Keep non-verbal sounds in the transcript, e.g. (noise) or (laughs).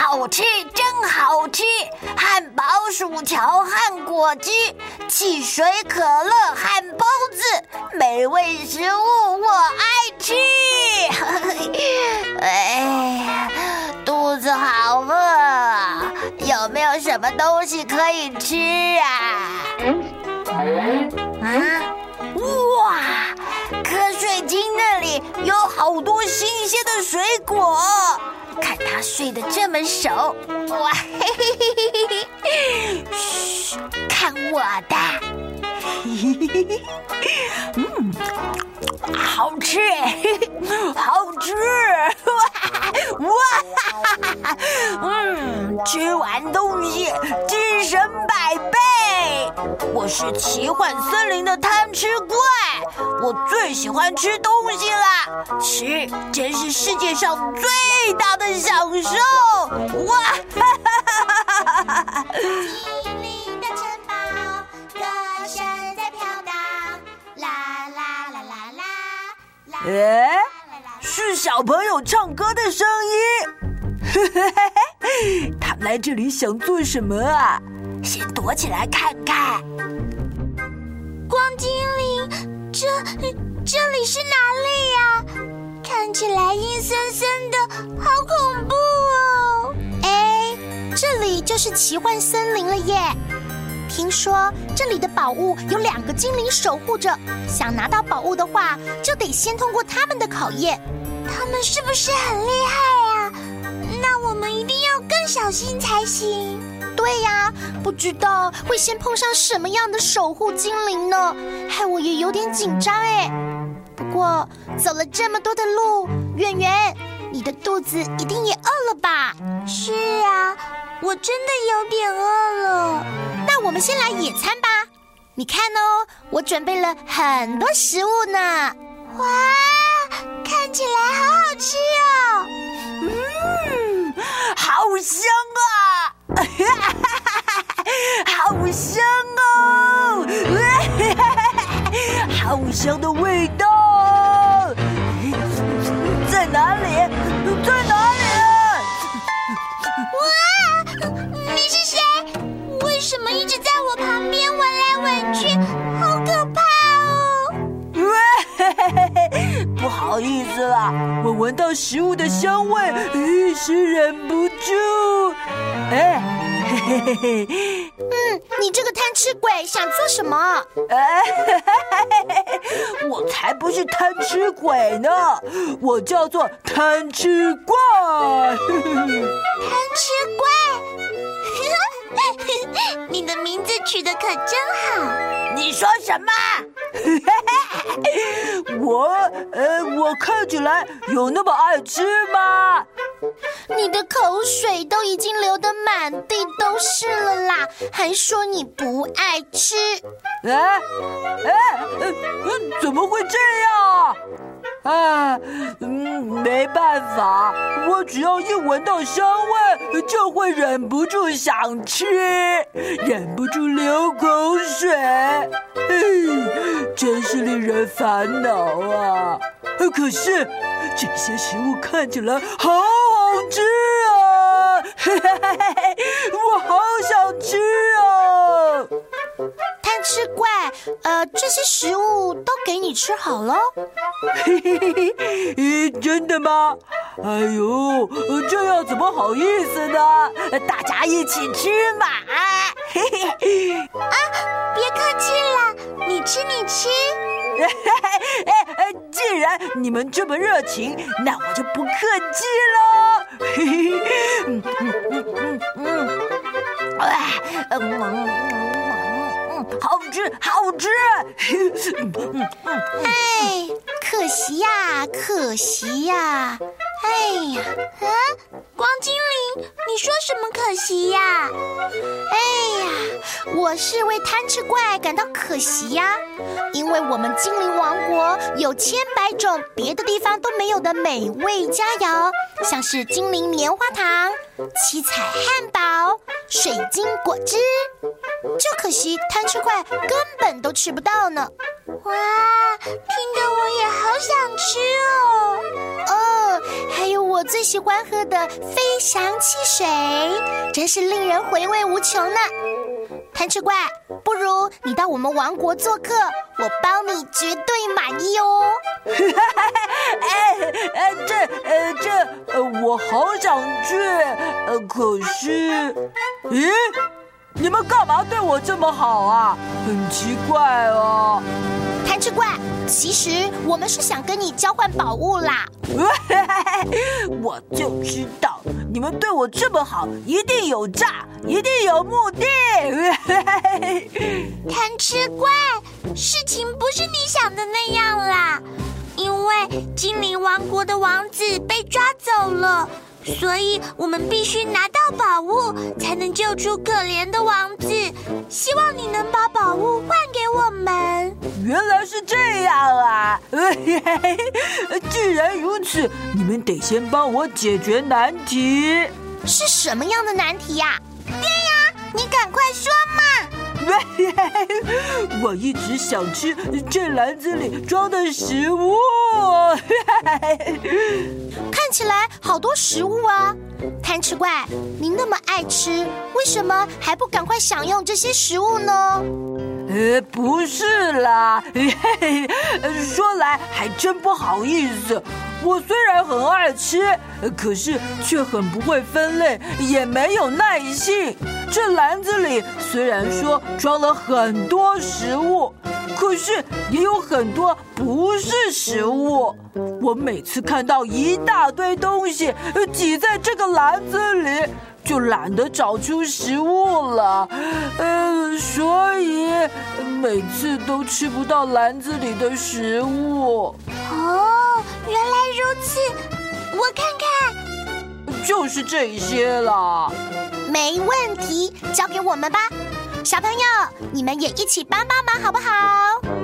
好吃，真好吃！漢堡、薯條、和果汁、汽水、可樂、和包子，美味食物我愛吃。 (laughs) 哎呀，肚子好餓，有沒有什麼東西可以吃啊？嗯，嗯哇，瞌睡精那裡有好多新鮮的水果。看他睡得這麼熟，哇嘿嘿嘿嘿嘿！噓，看我的，嘿嘿嘿嘿嘿！嗯，好吃，嘿嘿，好吃，哇哈哈，哇哈哈，嗯，吃完東西精神。是奇幻森林的貪吃怪，我最喜歡吃東西了，吃真是世界上最大的享受！哇，哈哈哈哈哈！哎，是小朋友唱歌的聲音，他們來這裡想做什麼啊？先躲起來看看。光精靈，這這裡是哪裡呀？看起來陰森森的，好恐怖哦！哎，這裡就是奇幻森林了耶！聽說這裡的寶物有兩個精靈守護着，想拿到寶物的話，就得先通過他們的考驗。他們是不是很厲害啊？小心才行。對呀，啊，不知道會先碰上什麼樣的守護精靈呢？害我也有點緊張誒。不過走了這麼多的路，圓圓，你的肚子一定也餓了吧？是啊，我真的有點餓了。那我們先來野餐吧。你看哦，我準備了很多食物呢。哇，看起來好好吃哦。好香啊！好香哦！好香的味道，在哪裡？在哪？我聞到食物的香味，一時忍不住。哎，嘿嘿嘿嘿。嗯，你這個貪吃鬼想做什麼？哎，嘿嘿嘿嘿嘿。我才不是貪吃鬼呢，我叫做貪吃怪。貪吃怪，你的名字取得可真好。你說什麼？ (laughs) 我……呃，我看起來有那麼愛吃嗎？你的口水都已經流得滿地都是了啦，還說你不愛吃？哎哎，嗯，怎麼會這樣啊？啊，嗯，沒辦法，我只要一聞到香味，就會忍不住想吃，忍不住流口水，嘿，真是令人煩惱啊。可是，這些食物看起來好好吃啊，嘿嘿嘿，我好想吃啊。吃怪，呃，這些食物都給你吃好了。嘿嘿嘿嘿，誒，真的嗎？哎呦，這樣怎麼好意思呢？大家一起吃嘛。嘿嘿，啊，別客氣了，你吃你吃。嘿嘿，哎哎，既然你們這麼熱情，那我就不客氣了。嘿嘿，嗯嗯嗯嗯嗯，哎、啊，嗯嗯好吃，好吃！哎，可惜呀，啊，可惜呀，啊！哎呀，嗯、啊，光精靈，你說什麼可惜呀，啊？哎呀，我是為貪吃怪感到可惜呀，啊，因為我們精靈王國有千百種別的地方都沒有的美味佳餚，像是精靈棉花糖、七彩漢堡。水晶果汁，就可惜貪吃怪根本都吃不到呢。哇，聽得我也好想吃哦。哦，還有我最喜歡喝的飛翔汽水，真是令人回味無窮呢。貪吃怪，不如你到我們王國做客，我包你絕對滿意哦。哎哎，這，呃這呃我好想去，呃可是，咦，你們幹嘛對我這麼好啊？很奇怪哦。貪吃怪，其實我們是想跟你交換寶物啦。我就知道。你們對我這麼好，一定有詐，一定有目的。 (laughs) 貪吃怪，事情不是你想的那樣啦，因為精靈王國的王子被抓走了。所以，我們必須拿到寶物，才能救出可憐的王子。希望你能把寶物換給我們。原來是這樣啊，嘿嘿！既然如此，你們得先幫我解決難題。是什麼樣的難題呀、啊？對呀，你趕快說嘛！ (laughs) 我一直想吃這籃子裡裝的食物， (laughs) 看起來好多食物啊！貪吃怪，你那麼愛吃，為什麼還不趕快享用這些食物呢？呃，不是啦， (laughs) 說來還真不好意思。我雖然很愛吃，可是卻很不會分類，也沒有耐性。這籃子裡雖然說裝了很多食物，可是也有很多不是食物。我每次看到一大堆東西擠在這個籃子裡，就懶得找出食物了。嗯，所以每次都吃不到籃子裡的食物。哦，原來。是，我看看，就是這些啦。沒問題，交給我們吧。小朋友，你們也一起幫幫忙，好不好？